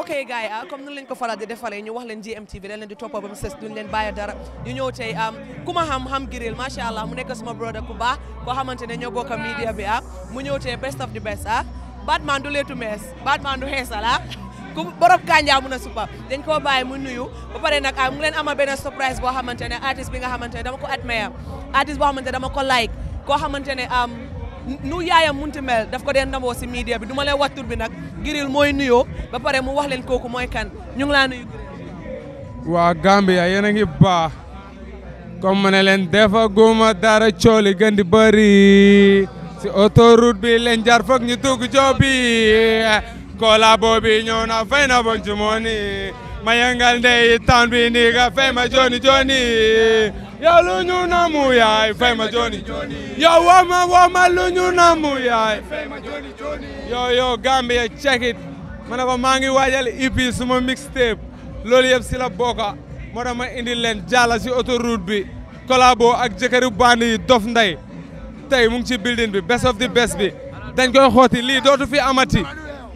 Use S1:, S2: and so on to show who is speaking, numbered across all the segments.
S1: ok gars yi ah, comme ni leen ko faral di defaree ñu wax leen GMTV ba mu sës duñ best of the best ah Batman du leetu mees Batman du xeesal ah. ku borom kànjaa mun a supa dañ koo bàyyi mu nuyu ba pare nag ah, mu leen amal benn surprise boo xamante ne artiste dama ko admire artiste boo xamante dama ko like koo xamante nu yaayam munti mel daf ko den ndamboo si media bi duma lay leen bi nak giril moy nuyo ba pare mu wax len koku moy kan ñu ngi la nuyu
S2: wa Gambia yéen ngi ba comme ne defa guma dara cholli gandi bari ci si autoroute bi len jar foog ñu dugg jobi kola bi ñëw na fay na bog ci moni mayangal yëngal ndey bi ni ga fay ma joni joni yow lu ñu namu yaay fay ma joni yow woo ma lu ñu namu yaay yow yow Gambia check it ma ne maa ngi waajal EP suma mixtape loolu yëpp si la bokka moo ma indi leen jàlla si autoroute bi collabo ak jëkkëri band yi dof nday tey mu ci building bi best of the best bi dañ koy xooti lii dootu fi amati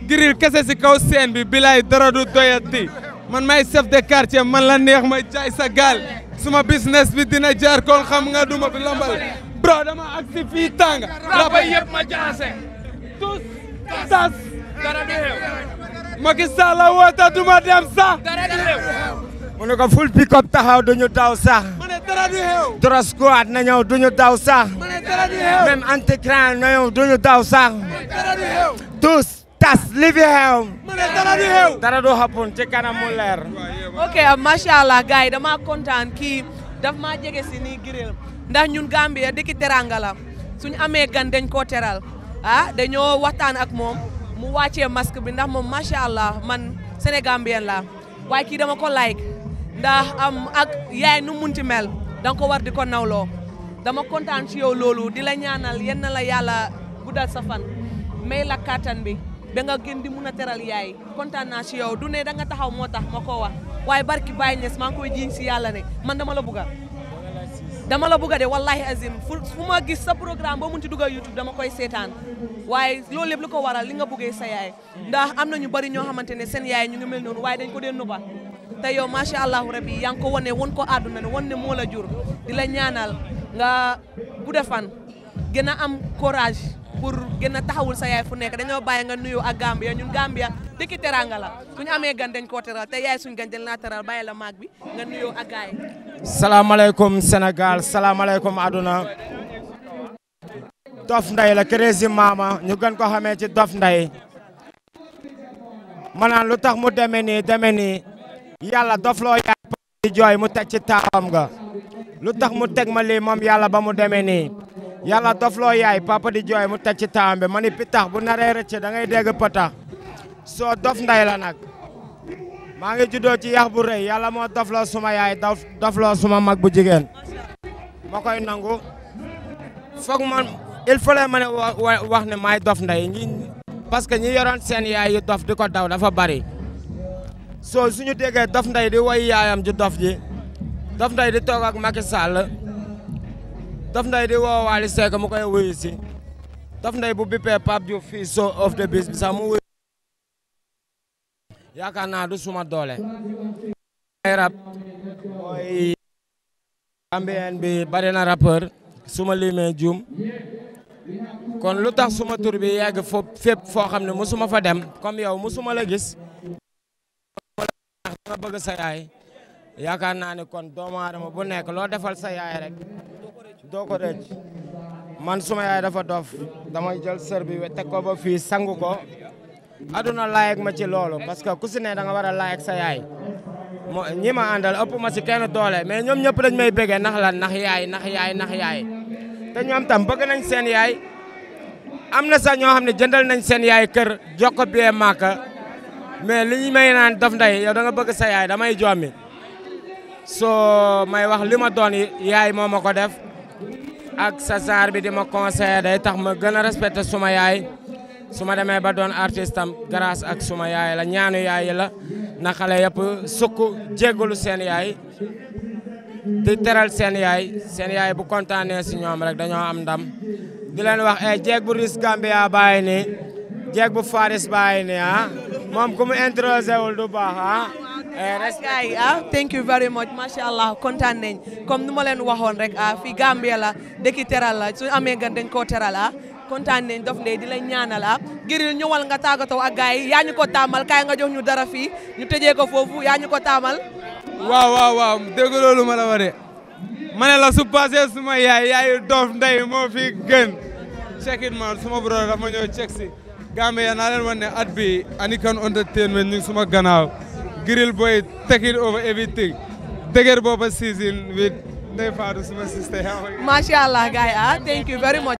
S2: giril kese si kaw seen bi bilay dara du doyati man may chef de quartier man la neex ma jaay sa gaal suma business bi dina jaar kon xam nga duma fi lambal bro dama aksi fi fii tàng raba yeb ma jaase tous tas dara di xew Macky
S3: sala wata duma dem sa dara di xew mono ko full pick up taxaw duñu taw sax
S2: mané dara di xew
S3: dara squad na ñëw duñu taw sax mané dara di xew même antecran na ñëw duñu taw sax
S2: dara di xew
S3: tous tas li fi xew. mu ne
S2: dara du
S1: xew. dara du xappun ci kanam mu leer. Ah, allah gars dama content ki daf ma jégué ci ni giril ndax ñun gambie dëkki teranga la suñ amé gan dañ ko téral ah dañoo waxtaan ak mom mu wàccee masque bi ndax mom macha allah man Sénégambien la way ki dama ko like ndax am ak yaay nu ci mel dang ko war di ko nawloo dama kontaan ci yow lolu di la ñaanal yenn la yalla guddal sa fan may la katan bi ba nga gën di mun a teral yaay kontaan naa si yow du ne da nga taxaw moo tax ma ko wax waaye barki Baye Niass maa ngi koy jiiñ si yàlla ne man dama la bugga dama la bugga de wallahi azim fu ma gis sa programme boo mun ci dugal YouTube dama koy seetaan waaye loolu lépp lu ko waral li nga buggee sa yaay ndax am na ñu bari ñoo xamante ne seen yaay ñu nga mel noonu waaye dañ ko dee nuba te yow macha allahu rabbi yaa ngi ko wane won ko àdduna ne won ne moo la jur di la ñaanal nga gudde fan gën a am courage pour gën a taxawul sa yaay fu nekk dañoo bàyyi nga nuyoo ak Gambia ñun Gambia dëkki teranga la suñu amee gan dañ koo teral te yaay suñ gan jël naa teral bàyyi la maag bi nga nuyoo ak gaay
S3: salaamaaleykum Sénégal salaamaaleykum aduna Dof Ndeye la Crazy Mama ñu gën ko xamee ci Dof Ndeye maanaam lu tax mu demee nii demee nii yàlla dof loo yaay di jooy mu teg ci taawam nga lu tax mu teg ma lii moom yàlla ba mu demee nii yalla dof yaay papa di joy mu tecc tambe mani pitax bu naree rëcce da ngay deg patax so dof nday la nak ma ngi juddo ci yah bu reey yalla mo suma yaay dof suma mag bu jigen makoy nangu foog man il fallait mané wax né may dof nday ñi parce que ñi yoron sen yaay yu dof diko daw dafa bari so suñu déggee dof nday di way yaayam ju dof ji dof nday di tok ak Macky Sall Dof Ndeye di woo Wally Seck mu koy wuyu si Dof Ndeye bu bippee Pape so of the business. bi sax mu wuyu du suma doole ay rap mooy ambien bi bari na rappeur suma limee juum kon lu suma tour bi yegg fo fep fo musuma fa dem comme yow musuma la gis nga bëgg sa yaay yaakaar naa kon bu lo defal sa yaay rek doo ko denc man suma yaay dafa dof damay jël sër bi teg ko ba fii sangu ko aduna laayeg ma ci loolu parce que ku si ne war a laayeg sa yaay moo ñi ma àndal ëpp ma si kenn doole mais ñoom ñëpp dañ may bëggee nax la nax yaay nax yaay nax yaay te ñoom tam bëgg nañ seen yaay am na sax ñoo xam ne jëndal nañ seen yaay kër jox ko biyee màkka mais li ma may naan daf nday yow da nga bëgg sa yaay damay jommi soo may wax li ma doon yaay moo ma ko def ak sa saar bi di ma conseillé day tax ma gën a respecté suma yaay su ma demee ba doon artiste am ak suma yaay la ñaanu yaay la na xale yëpp sukk jéggalu seen yaay di teral seen yaay seen yaay bu kontaanee si ñoom rek dañoo am ndam di leen wax e jeeg bu Ris Gambia bàyyi nii jeeg bu Faris bàyyi ah. moom ku mu introsé
S1: du baax ah. Eh, nice guy ah thank you very much Mashallah, allah kontaan nañ comme nu ma rek ah fi Gambia la dëkki teral la su amee gan dañ koo teral ah la ah. giril ñëwal nga tàggatoo agai, gars yi yaa ñu ko taamal kaay nga jox ñu dara fii ko foofu ya, ñu ko taamal. Wow, wow, wow. Degu
S2: la supase suma ya yaayu dof fi gën check it man suma bro mo ñëw check si Gambia naa wane adbi, Anikan Entertainment ñu suma ganau. grill boy take it over everything. Deger Boba season with Nefadu Suma sister.
S1: MashaAllah, guy. Huh? Ah, thank you very much.